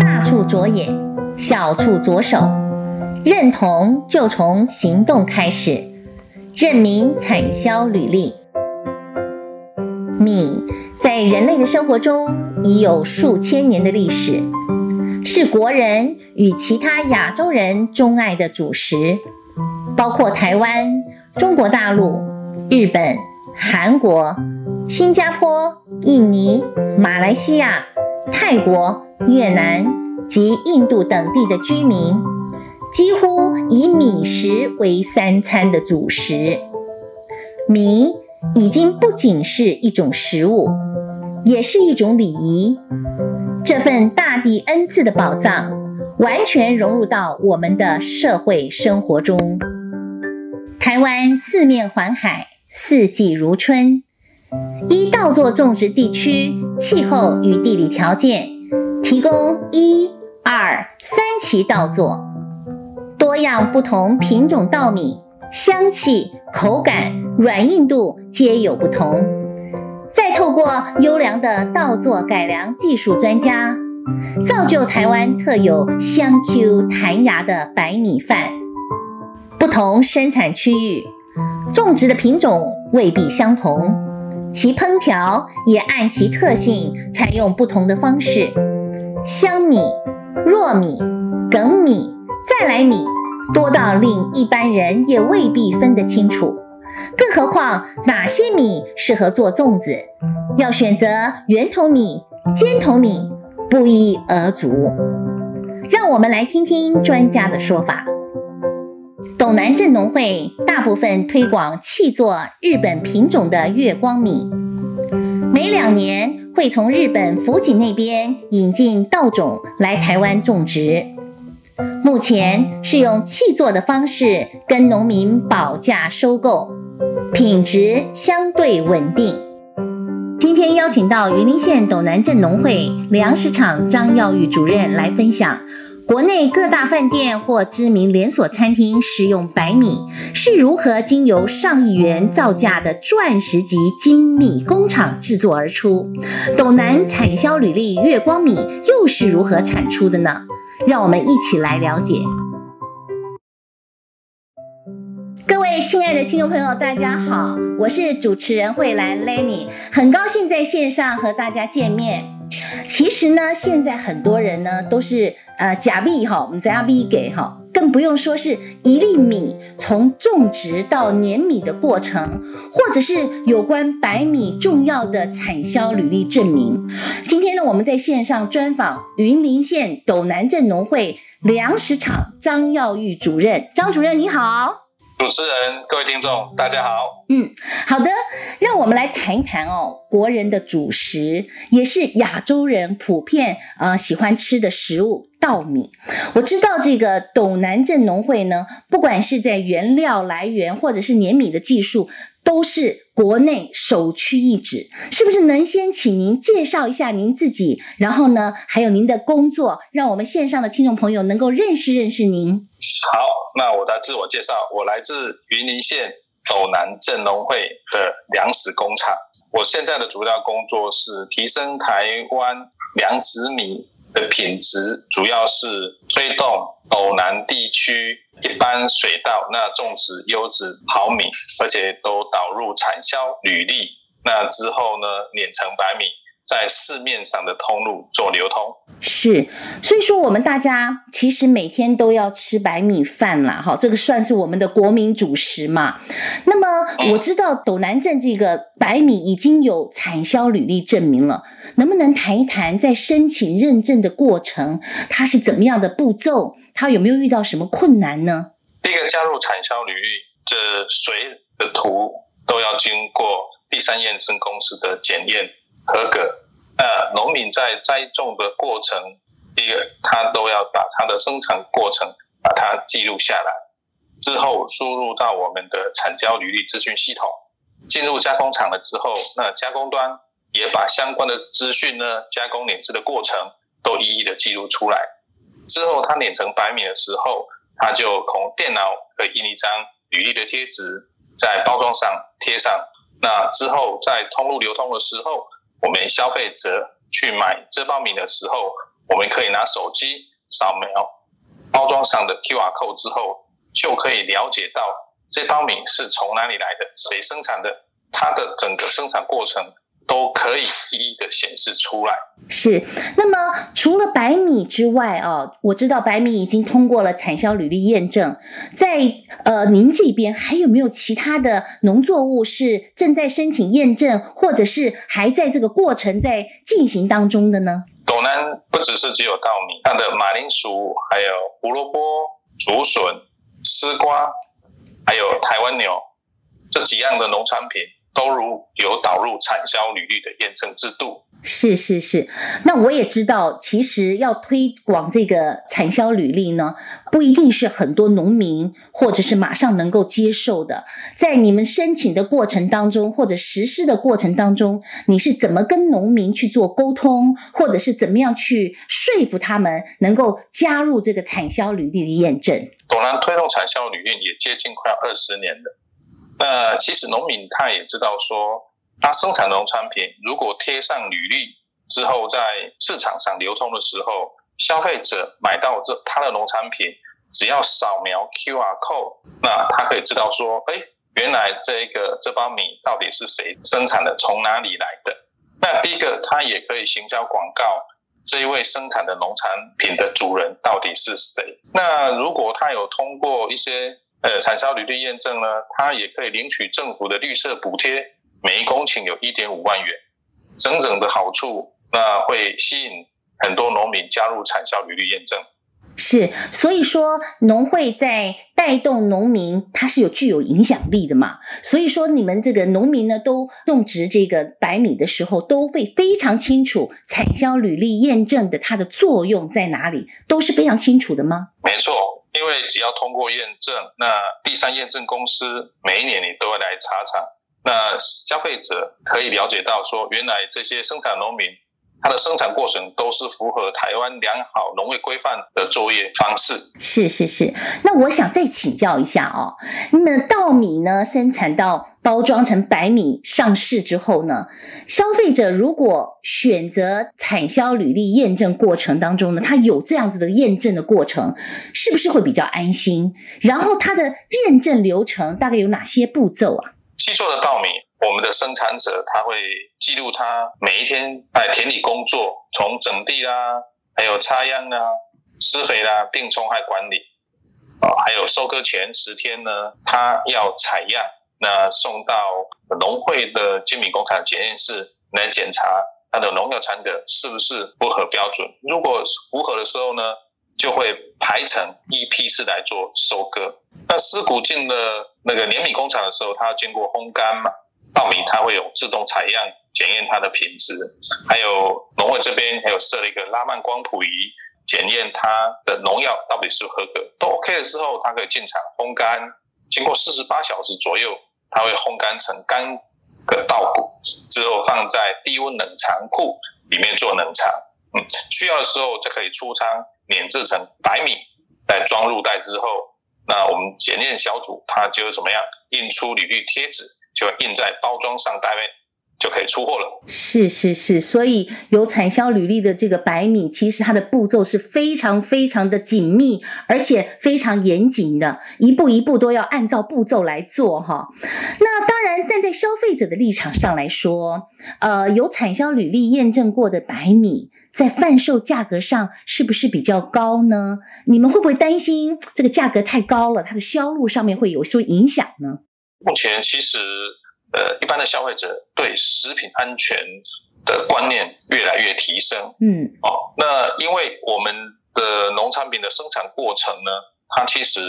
大處着眼，小處着手。認同就從行動開始。認明產銷履歷。米在人類的生活中已有數千年的歷史，是國人與其他亞洲人鍾愛的主食，包括台灣、中國大陸。日本、韓國、新加坡、印尼、馬來西亞、泰國、越南及印度等地的居民，幾乎以米食為三餐的主食。米已經不僅是一種食物，也是一種禮儀。這份大地恩賜的寶藏，完全融入到我們的社會生活中。台灣四面環海，四季如春。依稻作種植地區氣候與地理條件，提供一、二、三期稻作，多樣不同品種稻米，香氣、口感、軟硬度皆有不同。再透過優良的稻作改良技術專家，造就台灣特有香 Q 彈牙的白米飯。不同生產區域種植的品種未必相同，其烹調也按其特性採用不同的方式。香米、糯米、梗米、再來米，多到令一般人也未必分得清楚，更何況哪些米適合做粽子？要選擇圓頭米、尖頭米，不一而足。讓我們來聽聽專家的說法。斗南鎮農會大部分推廣契作日本品種的越光米，每兩年會從日本福井那邊引進稻種來台灣種植。目前是用契作的方式跟農民保價收購，品質相對穩定。今天邀請到雲林縣斗南鎮農會糧食廠張耀裕主任來分享。國內各大飯店或知名連鎖餐廳食用白米，是如何經由上億元造價的鑽石級精米工廠製作而出？斗南產銷履歷越光米又是如何產出的呢？讓我們一起來了解。各位親愛的聽眾朋友，大家好，我是主持人惠蘭 Lenny，很高興在線上和大家見面。其實呢，現在很多人呢都是呃假幣哈，我們假幣給哈、哦，更不用說是一粒米從種植到碾米的過程，或者是有關白米重要的產銷履歷證明。今天呢，我們在線上專訪雲林縣斗南鎮農會糧食廠張耀裕主任，張主任你好。主持人，各位聽眾，大家好。嗯，好的，讓我們來談一談哦，國人的主食，也是亞洲人普遍呃喜歡吃的食物——稻米。我知道這個斗南鎮農會呢，不管是在原料來源，或者是碾米的技術，都是國內首屈一指，是不是？能先請您介紹一下您自己，然後呢，還有您的工作，讓我們線上的聽眾朋友能夠認識認識您。好，那我的自我介紹，我來自雲林縣斗南鎮農會的糧食工廠。我現在的主要工作是提升台灣良質米的品質，主要是推動斗南地區。一般水稻那種植優質好米，而且都導入產銷履歷，那之後呢，碾成白米。在市面上的通路做流通是。所以說我們大家其實每天都要吃白米飯啦，哈，這個算是我們的國民主食嘛。那麼我知道斗南鎮這個白米已經有產銷履歷證明了，能不能談一談在申請認證的過程，它是怎麼樣的步驟？它有沒有遇到什麼困難呢？第一個加入產銷履歷，這水的圖都要經過第三驗證公司的檢驗合格。那農民在栽種的過程，第一個他都要把他的生產過程把它記錄下來，之後輸入到我們的產銷履歷資訊系統。進入加工廠了之後，那加工端也把相關的資訊呢，加工碾製的過程都一一的記錄出來。之後他碾成白米的時候，他就從電腦可以印一張履歷的貼紙，在包裝上貼上。那之後在通路流通的時候，我們消費者去買這包米的時候，我們可以拿手機掃描包裝上的 QR code 之後，就可以了解到這包米是從哪裡來的，誰生產的，它的整個生產過程。都可以一一的顯示出來。是，那麼除了白米之外啊、哦，我知道白米已經通過了產銷履歷驗證，在呃您這邊還有沒有其他的農作物是正在申請驗證，或者是還在這個過程在進行當中的呢？斗南，不只是只有稻米，它的馬鈴薯、還有胡蘿蔔、竹筍、絲瓜，還有台灣牛這幾樣的農產品。斗南有導入產銷履歷的驗證制度，是是是。那我也知道，其實要推廣這個產銷履歷呢，不一定是很多農民或者是馬上能夠接受的。在你們申請的過程當中，或者實施的過程當中，你是怎麼跟農民去做溝通，或者是怎麼樣去說服他們能夠加入這個產銷履歷的驗證？斗南推動產銷履歷也接近快二十年了。那其實農民他也知道說，他生產農產品，如果貼上履歷之後，在市場上流通的時候，消費者買到這他的農產品，只要掃描 QR code，那他可以知道說，哎，原來這個這包米到底是誰生產的，從哪裡來的。那第一個，他也可以行銷廣告，這一位生產的農產品的主人到底是誰。那如果他有通過一些。呃、嗯，產銷履歷驗證呢，它也可以領取政府的綠色補貼，每一公頃有一點五萬元，整整的好處，那會吸引很多農民加入產銷履歷驗證。是，所以說農會在帶動農民，它是有具有影響力的嘛？所以說你們這個農民呢，都種植這個白米的時候，都會非常清楚產銷履歷驗證的它的作用在哪裡，都是非常清楚的嗎？沒錯。對，只要通過驗證，那第三驗證公司每一年你都會來查查，那消費者可以了解到說，原來這些生產農民。它的生產過程都是符合台灣良好農業規範的作業方式。是是是，那我想再請教一下哦，那麼稻米呢，生產到包裝成白米上市之後呢，消費者如果選擇產銷履歷驗證過程當中呢，它有這樣子的驗證的過程，是不是會比較安心？然後它的驗證流程大概有哪些步驟啊？制作的稻米。我們的生產者他會記錄他每一天在田裡工作，從整地啦、啊，還有插秧啦、啊、施肥啦、啊、病蟲害管理，哦，還有收割前十天呢，他要採樣，那送到農會的精米工廠檢驗室來檢查它的農藥殘留是不是符合標準。如果符合的時候呢，就會排成一批次來做收割。那濕穀進了那個碾米工廠的時候，它要經過烘乾嘛？稻米它會有自動採樣檢驗它的品質，還有農會這邊還有設了一個拉曼光譜儀檢驗它的農藥到底是否合格，都 OK 了之後，它可以進場烘乾，經過四十八小時左右，它會烘乾成乾的稻穀，之後放在低溫冷藏庫裡面做冷藏。嗯，需要的時候就可以出倉碾製成白米，再裝入袋之後，那我們檢驗小組它就怎麼樣印出履歷貼紙。就印在包裝上，單位就可以出貨了。是是是，所以有產銷履歷的這個白米，其實它的步驟是非常非常的緊密，而且非常嚴謹的，一步一步都要按照步驟來做哈。那當然，站在消費者的立場上來說，呃，有產銷履歷驗證過的白米，在販售價格上是不是比較高呢？你們會不會擔心這個價格太高了，它的銷路上面會有所影響呢？目前其實，呃，一般的消費者對食品安全的觀念越來越提升，嗯，哦，那因為我們的農產品的生產過程呢，它其實，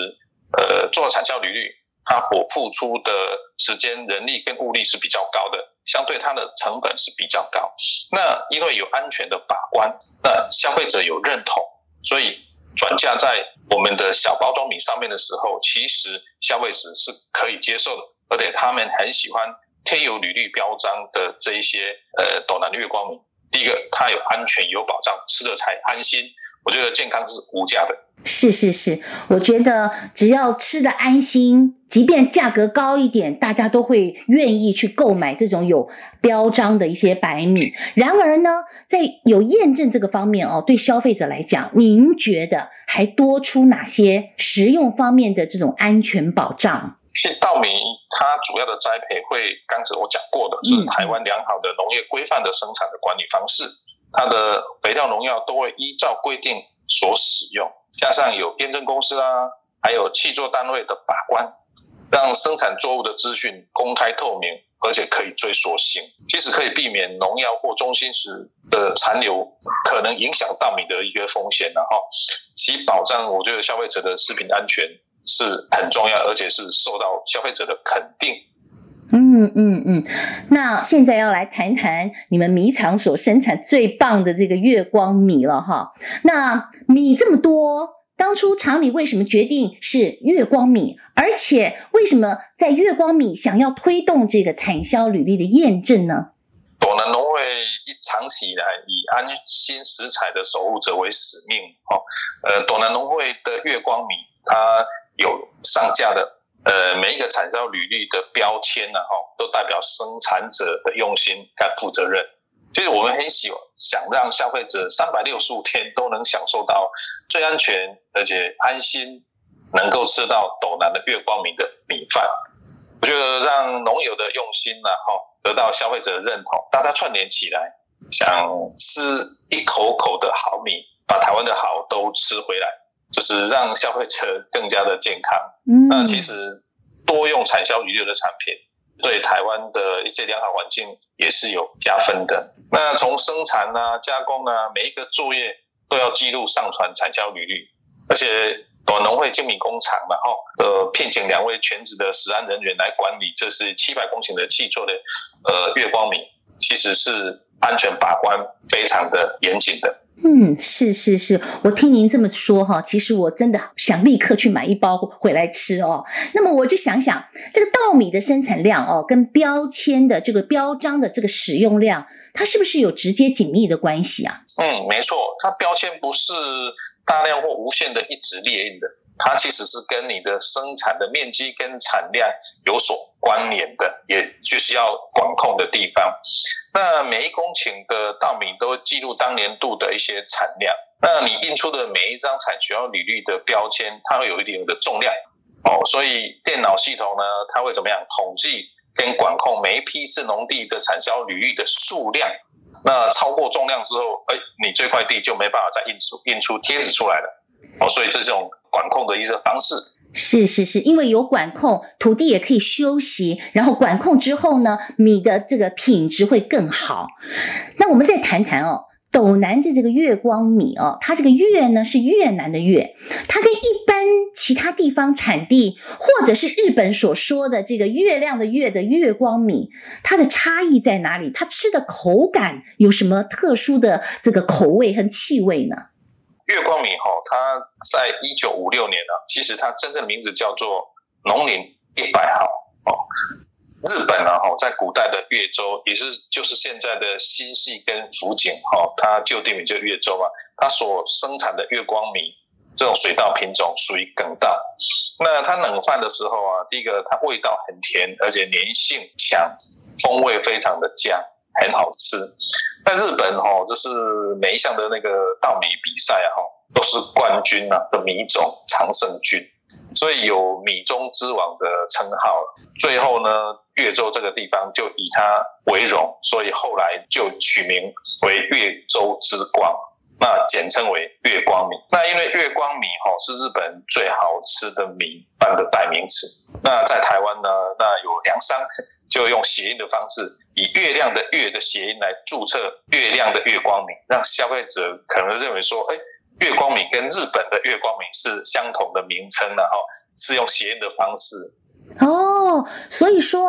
呃，做產銷履歷，它所付出的時間、人力跟物力是比較高的，相對它的成本是比較高。那因為有安全的把關，那消費者有認同，所以。轉嫁在我們的小包裝米上面的時候，其實消費者是可以接受的，而且他們很喜歡貼有履歷標章的這一些呃斗南越光米。第一個，它有安全有保障，吃的才安心。我覺得健康是無價的。是是是，我覺得只要吃得安心，即便價格高一點，大家都會願意去購買這種有標章的一些白米。然而呢，在有驗證這個方面哦，對消費者來講，您覺得還多出哪些食用方面的這種安全保障？稻米它主要的栽培會，會剛才我講過的，是台灣良好的農業規範的生產的管理方式。嗯它的肥料、農藥都會依照規定所使用，加上有驗證公司啊，還有契作單位的把關，讓生產作物的資訊公開透明，而且可以追溯性，其實可以避免農藥或中心時的殘留可能影響大米的一個風險的哈。其保障，我覺得消費者的食品安全是很重要，而且是受到消費者的肯定。嗯嗯嗯，那現在要來談談你們米廠所生產最棒的這個越光米了哈。那米這麼多，當初廠裡為什麼決定是越光米？而且為什麼在越光米想要推動這個產銷履歷的驗證呢？斗南農會一長期以來以安心食材的守護者為使命哈。呃，斗南農會的越光米它有上架的。呃，每一個產銷履歷的標籤呢，哈，都代表生產者的用心跟負責任。就是我們很喜歡想讓消費者三百六十五天都能享受到最安全而且安心，能夠吃到斗南的越光米的米飯。我覺得讓農友的用心呢，哈，得到消費者的認同，大家串聯起來，想吃一口口的好米，把台灣的好都吃回來。就是讓消費者更加的健康。那其實多用產銷履歷的產品，對台灣的一些良好環境也是有加分的。那從生產啊、加工啊，每一個作業都要記錄、上傳產銷履歷。而且，斗南農會精米工廠嘛，哦，呃，聘請兩位全職的食安人員來管理。這是七百公頃的契作的，呃，越光米，其實是。安全把關非常的嚴謹的，嗯，是是是，我聽您這麼說哈，其實我真的想立刻去買一包回來吃哦。那麼我就想想，這個稻米的生產量哦，跟標籤的這個標章的這個使用量，它是不是有直接緊密的關係啊？嗯，沒錯，它標籤不是大量或無限的一直列印的。它其實是跟你的生產的面積跟產量有所關聯的，也就是要管控的地方。那每一公頃的稻米都記錄當年度的一些產量。那你印出的每一張產銷履歷的標籤，它會有一定的重量哦。所以電腦系統呢，它會怎麼樣統計跟管控每一批次農地的產銷履歷的數量？那超過重量之後，哎、欸，你這塊地就沒辦法再印出印出貼紙出來了哦。所以這種。管控的一個方式是是是，因為有管控，土地也可以休息。然後管控之後呢，米的這個品質會更好。那我們再談談哦，斗南的這個越光米哦，它這個越呢“越”呢是越南的“越”，它跟一般其他地方產地或者是日本所說的這個月亮的“月”的月光米，它的差異在哪裡？它吃的口感有什麼特殊的這個口味和氣味呢？月光米吼，它在一九五六年呢，其實它真正名字叫做農林一百號哦。日本呢在古代的越州也是就是現在的新系跟福井吼，它舊地名就越州啊，它所生產的月光米這種水稻品種屬於梗稻，那它冷飯的時候啊，第一個它味道很甜，而且粘性強，風味非常的佳。很好吃，在日本哈、哦，就是每一項的那個稻米比賽哈、哦，都是冠軍吶、啊、的米種常勝軍，所以有米中之王的稱號。最後呢，越州這個地方就以它為榮，所以後來就取名為越州之光，那簡稱為越光米。那因為越光米哈、哦、是日本最好吃的米飯的代名詞。那在台灣呢，那有梁山。就用諧音的方式，以月亮的“月”的諧音來注冊“月亮的月光米”，讓消費者可能認為說：“哎，月光米跟日本的月光米是相同的名稱呢。”哦，是用諧音的方式。哦，所以說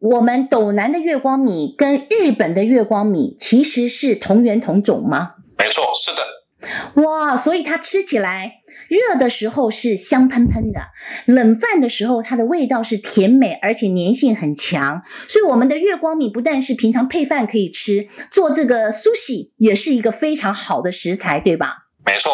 我們斗南的月光米跟日本的月光米其實是同源同種嗎？沒錯，是的。哇，所以它吃起來熱的時候是香噴噴的，冷飯的時候它的味道是甜美，而且粘性很強。所以我們的越光米不但是平常配飯可以吃，做這個壽司也是一個非常好的食材，對吧？沒錯，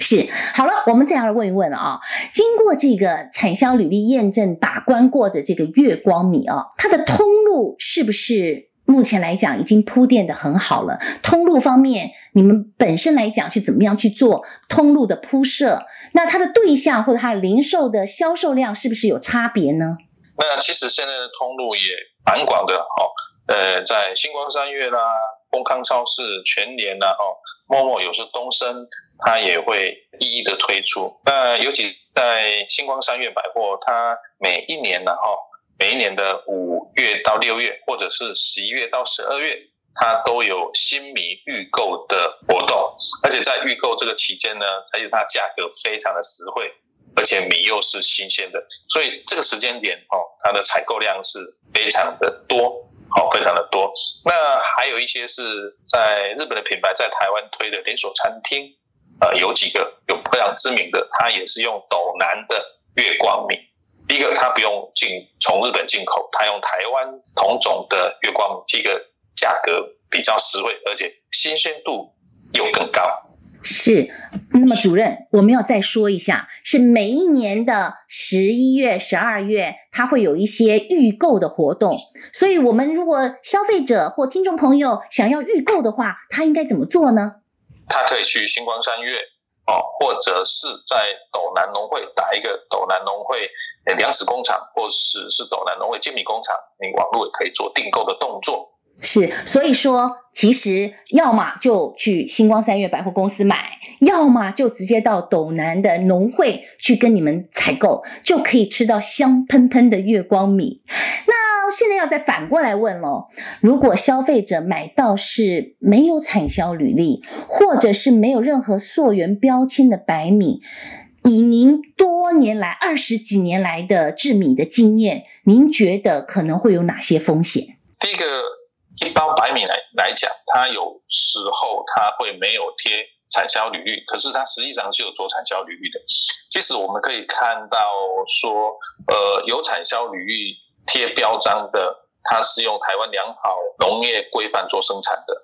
是。好了，我們再來問一問啊，經過這個產銷履歷驗證把關過的這個越光米啊，它的通路是不是？目前來講已經鋪墊的很好了，通路方面，你們本身來講是怎麼樣去做通路的鋪設？那它的對象或者它的零售的銷售量是不是有差別呢？那其實現在的通路也蠻廣的哦，呃，在新光三越啦、豐康超市、全聯啦、哦、默默有時東升，它也會一一的推出。那尤其在新光三越百貨，它每一年啦，哦。每一年的五月到六月，或者是十一月到十二月，它都有新米預購的活動，而且在預購這個期間呢，而且它價格非常的實惠，而且米又是新鮮的，所以這個時間點哦，它的採購量是非常的多，好，非常的多。那還有一些是在日本的品牌在台灣推的連鎖餐廳，呃，有幾個有非常知名的，它也是用斗南的越光米。第一個，它不用進從日本進口，它用台灣同種的越光米，一個價格比較實惠，而且新鮮度又更高。是，那麼主任，我們要再說一下，是每一年的十一月、十二月，它會有一些預購的活動。所以，我們如果消費者或聽眾朋友想要預購的話，他應該怎麼做呢？他可以去新光三越。哦，或者是在斗南農會打一個斗南農會糧食工廠，或是是斗南農會精米工廠，你網絡也可以做訂購的動作。是，所以說，其實要麼就去新光三越百貨公司買，要麼就直接到斗南的農會去跟你們採購，就可以吃到香噴噴的越光米。那現在要再反過來問嘍：如果消費者買到是沒有產銷履歷，或者是沒有任何溯源標籤的白米，以您多年來二十幾年來的製米的經驗，您覺得可能會有哪些風險？第、這、一個。一包白米來來講，它有時候它會沒有貼產銷履歷，可是它實際上是有做產銷履歷的。其實我們可以看到說，呃，有產銷履歷貼標章的，它是用台灣良好農業規範做生產的。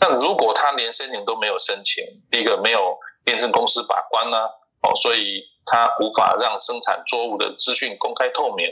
但如果它連申請都沒有申請，第一個沒有驗證公司把關呢、啊，哦，所以它無法讓生產作物的資訊公開透明。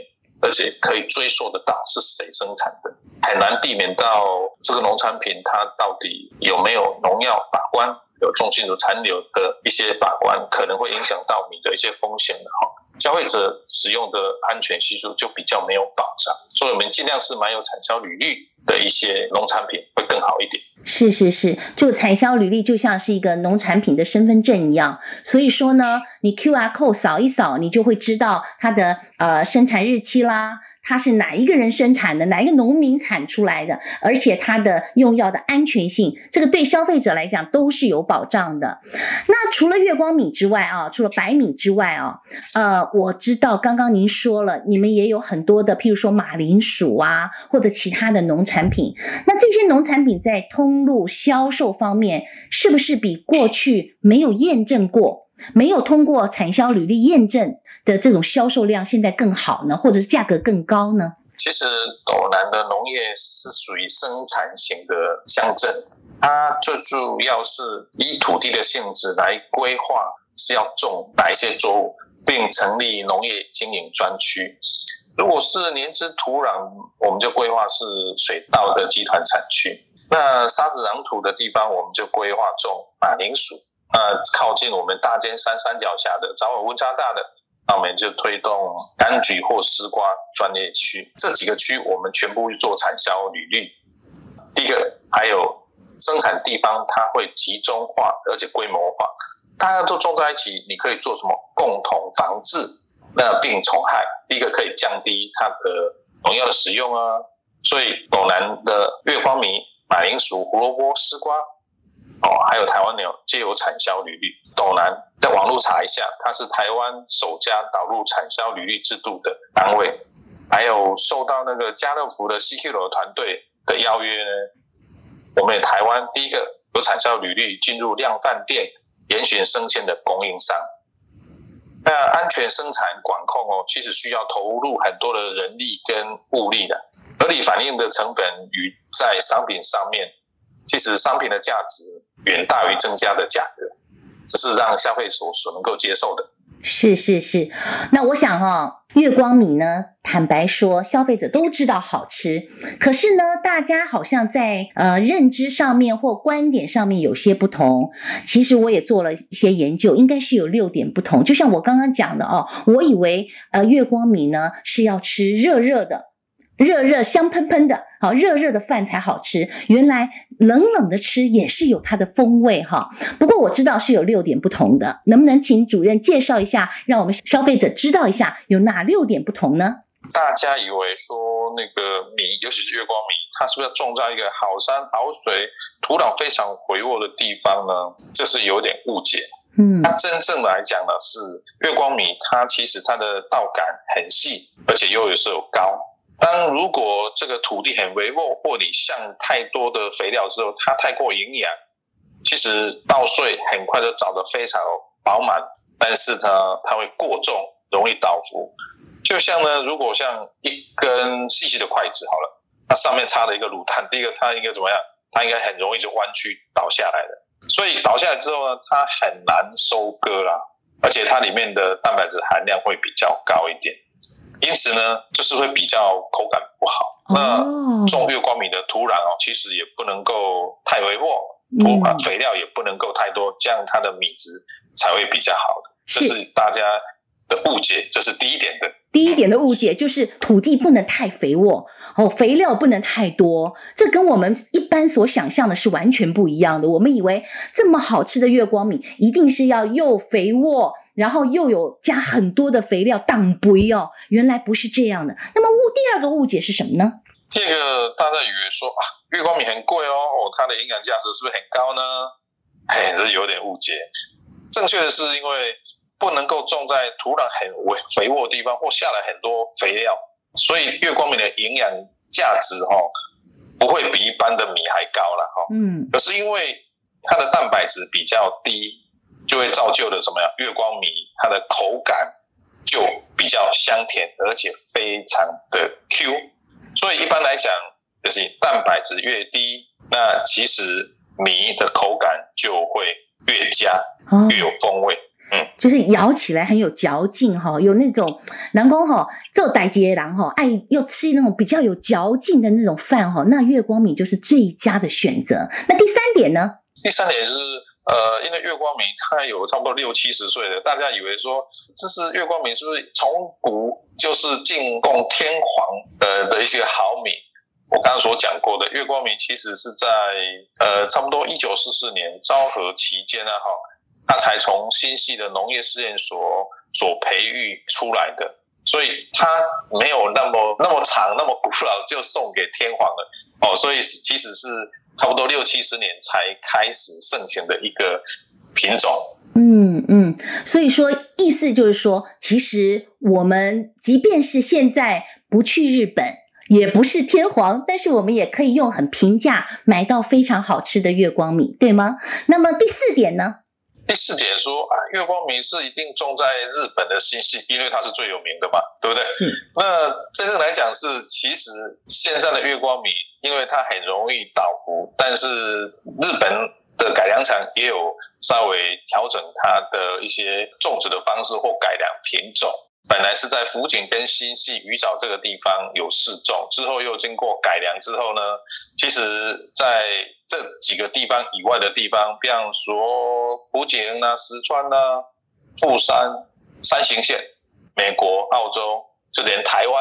而且可以追溯得到是誰生產的，很難避免到這個農產品它到底有沒有農藥把關，有重金屬殘留的一些把關，可能會影響到米的一些風險的哈，消費者使用的安全係數就比較沒有保障，所以我們盡量是買有產銷履歷的一些農產品會更好一點。是是是，就產銷履歷就像是一個農產品的身份證一樣，所以說呢，你 QR code 掃一掃，你就會知道它的呃生產日期啦，它是哪一個人生產的，哪一個農民產出來的，而且它的用藥的安全性，這個對消費者來講都是有保障的。那除了越光米之外啊，除了白米之外啊，呃，我知道剛剛您說了，你們也有很多的，譬如說馬鈴薯啊，或者其他的農產品，那這些農產品在通路銷售方面，是不是比過去沒有驗證過、沒有通過產銷履歷驗證的這種銷售量現在更好呢？或者是價格更高呢？其實斗南的農業是屬於生產型的鄉鎮，它最主要是以土地的性質來規劃是要種哪一些作物，並成立農業經營專區。如果是黏質土壤，我們就規劃是水稻的集團產區。那沙子、壤土的地方，我們就規劃種馬鈴薯。那、呃、靠近我們大尖山山腳下的，早晚溫差大的，那我們就推動柑橘或絲瓜專業區。這幾個區，我們全部會做產銷履歷。第一個，還有生產地方，它會集中化，而且規模化，大家都種在一起，你可以做什麼共同防治那病蟲害，第一個可以降低它的農藥的使用啊。所以斗南的越光米。馬鈴薯、胡蘿蔔、絲瓜，哦，還有台灣牛，皆有產銷履歷。斗南在網絡查一下，它是台灣首家導入產銷履歷制度的單位。還有受到那個家樂福的 CQO 團隊的邀約，我們台灣第一個有產銷履歷進入量販店嚴選生鮮的供應商。那安全生產管控哦、喔，其實需要投入很多的人力跟物力的。合理反映的成本與在商品上面，其實商品的價值遠大於增加的價格，這是讓消費所，所能夠接受的。是是是，那我想哈、哦，越光米呢？坦白說，消費者都知道好吃，可是呢，大家好像在呃認知上面或觀點上面有些不同。其實我也做了一些研究，應該是有六點不同。就像我剛剛講的哦，我以為呃越光米呢是要吃熱熱的。熱熱香噴噴的，好熱熱的飯才好吃。原來冷冷的吃也是有它的風味哈、哦。不過我知道是有六點不同的，能不能請主任介紹一下，讓我們消費者知道一下有哪六點不同呢？大家以為說那個米，尤其是越光米，它是不是要種在一個好山好水、土壤非常肥沃的地方呢？這，就是有點誤解。嗯，那真正來講的來講呢，是越光米，它其實它的稻稈很細，而且又有時候高。當如果這個土地很肥沃，或你下太多的肥料之後，它太過營養，其實稻穗很快就長得非常飽滿，但是呢，它會過重，容易倒伏。就像呢，如果像一根細細的筷子好了，它上面插了一個滷蛋，第一個它應該怎麼樣？它應該很容易就彎曲倒下來的。所以倒下來之後呢，它很難收割啦，而且它裡面的蛋白質含量會比較高一點。因此呢，就是會比較口感不好、哦。那種越光米的土壤哦，其實也不能夠太肥沃，土、嗯、肥料也不能夠太多，這樣它的米質才會比較好的。這是、就是大家的誤解，這、就是第一點的。第一點的誤解就是土地不能太肥沃哦，肥料不能太多，這跟我們一般所想象的是完全不一樣的。我們以為這麼好吃的越光米，一定是要又肥沃。然後又有加很多的肥料，擋肥哦，原來不是這樣的。那麼誤第二個誤解是什麼呢？這個大家以為說啊，越光米很貴哦，哦，它的營養價值是不是很高呢？哎，這有點誤解。正確的是，因為不能夠種在土壤很肥沃的地方，或下來很多肥料，所以越光米的營養價值哈、哦、不會比一般的米還高了哈、哦。嗯。可是因為它的蛋白質比較低。就會造就了什麼呀？越光米，它的口感就比較香甜，而且非常的 Q。所以一般來講，就是蛋白質越低，那其實米的口感就會越佳，越有風味、哦。嗯，就是咬起來很有嚼勁哈、哦，有那種南宮哈做傣姐郎哈愛又吃那種比較有嚼勁的那種飯哈、哦，那越光米就是最佳的選擇。那第三點呢？第三點是。呃，因為越光米它有差不多六七十歲了，大家以為說這是越光米是不是從古就是進貢天皇呃的，的一些好米？我剛剛所講過的越光米其實是在呃差不多一九四四年昭和期間呢，哈，他才從新潟的農業試驗所所培育出來的，所以它沒有那麼那麼長那麼古老就送給天皇了。哦，所以其實是差不多六七十年才開始盛行的一個品種。嗯嗯，所以說意思就是說，其實我們即便是現在不去日本，也不是天皇，但是我們也可以用很平價買到非常好吃的越光米，對嗎？那麼第四點呢？第四點說啊，越光米是一定種在日本的新潟，因為它是最有名的嘛，對不對？那真正來講是，其實現在的越光米，因為它很容易倒伏，但是日本的改良場也有稍微調整它的一些種植的方式或改良品種。本來是在福井跟新潟魚沼這個地方有試種，之後又經過改良之後呢，其實在這幾個地方以外的地方，比方說福井啊、石川啊、富山、山形縣、美國、澳洲，就連台灣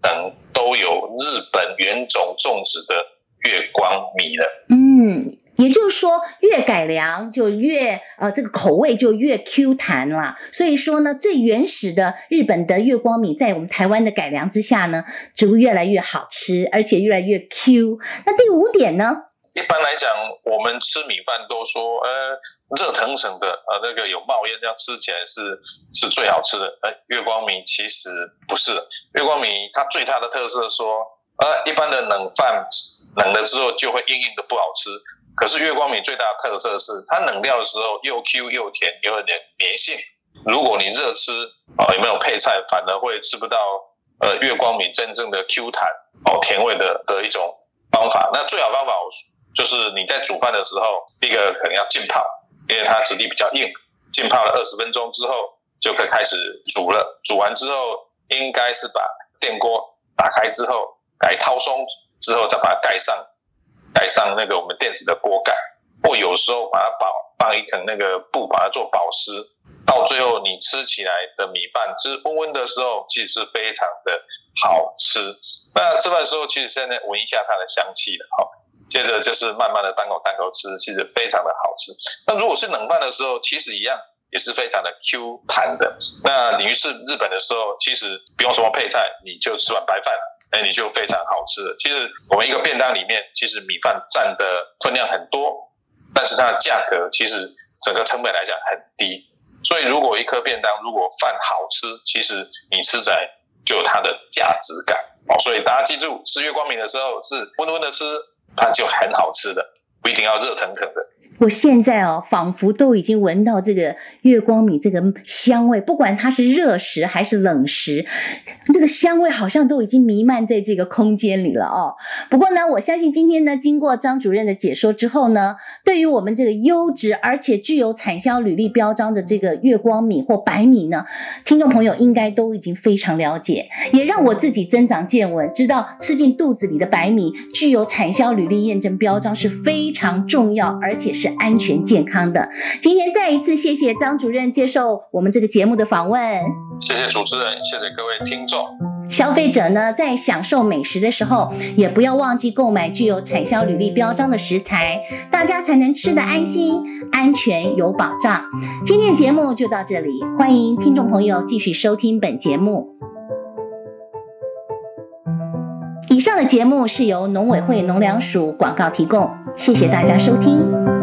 等都有日本原種種植的越光米了。嗯。也就是說，越改良就越呃，這個口味就越 Q 彈啦，所以說呢，最原始的日本的越光米，在我們台灣的改良之下呢，只會越來越好吃，而且越來越 Q。那第五點呢？一般來講，我們吃米飯都說，呃，熱騰騰的，呃，那個有冒煙，這樣吃起來是是最好吃的。呃，越光米其實不是越光米，它最大的特色說，呃，一般的冷飯冷了之後就會硬硬的，不好吃。可是越光米最大的特色是，它冷掉的時候又 Q 又甜又，有點粘性。如果你熱吃啊，也沒有配菜，反而會吃不到呃越光米真正的 Q 彈哦甜味的的一種方法。那最好的方法就是你在煮飯的時候，第一個可能要浸泡，因為它質地比較硬，浸泡了二十分鐘之後就可以開始煮了。煮完之後，應該是把電鍋打開之後改掏鬆之後再把它蓋上。蓋上那個我們電子的鍋蓋，或有時候把它包放一層那個布，把它做保濕。到最後你吃起來的米飯是溫溫的時候，其實是非常的好吃。那吃飯的時候，其實現在聞一下它的香氣了，好。接着就是慢慢的單口單口吃，其實非常的好吃。那如果是冷飯的時候，其實一樣也是非常的 Q 彈的。那鯉魚是日本的時候，其實不用什麼配菜，你就吃碗白飯。哎、欸，你就非常好吃。其實我們一個便當裡面，其實米飯占的分量很多，但是它的價格其實整個成本來講很低。所以如果一顆便當，如果飯好吃，其實你吃在就有它的價值感。所以大家記住，吃越光米的時候是溫溫的吃，它就很好吃的，不一定要熱騰騰的。我現在哦，仿佛都已經聞到這個越光米這個香味，不管它是熱食還是冷食，這個香味好像都已經彌漫在這個空間裡了哦。不過呢，我相信今天呢，經過張主任的解說之後呢，對於我們這個優質而且具有產銷履歷標章的這個越光米或白米呢，聽眾朋友應該都已經非常了解，也讓我自己增長見聞，知道吃進肚子裡的白米具有產銷履歷驗證標章是非常重要，而且是。安全健康的。今天再一次謝謝張主任接受我們這個節目的訪問。謝謝主持人，謝謝各位聽眾。消費者呢，在享受美食的時候，也不要忘記購買具有產銷履歷標章的食材，大家才能吃得安心、安全有保障。今天節目就到這裡，歡迎聽眾朋友繼續收聽本節目。以上的節目是由農委會農糧署廣告提供，謝謝大家收聽。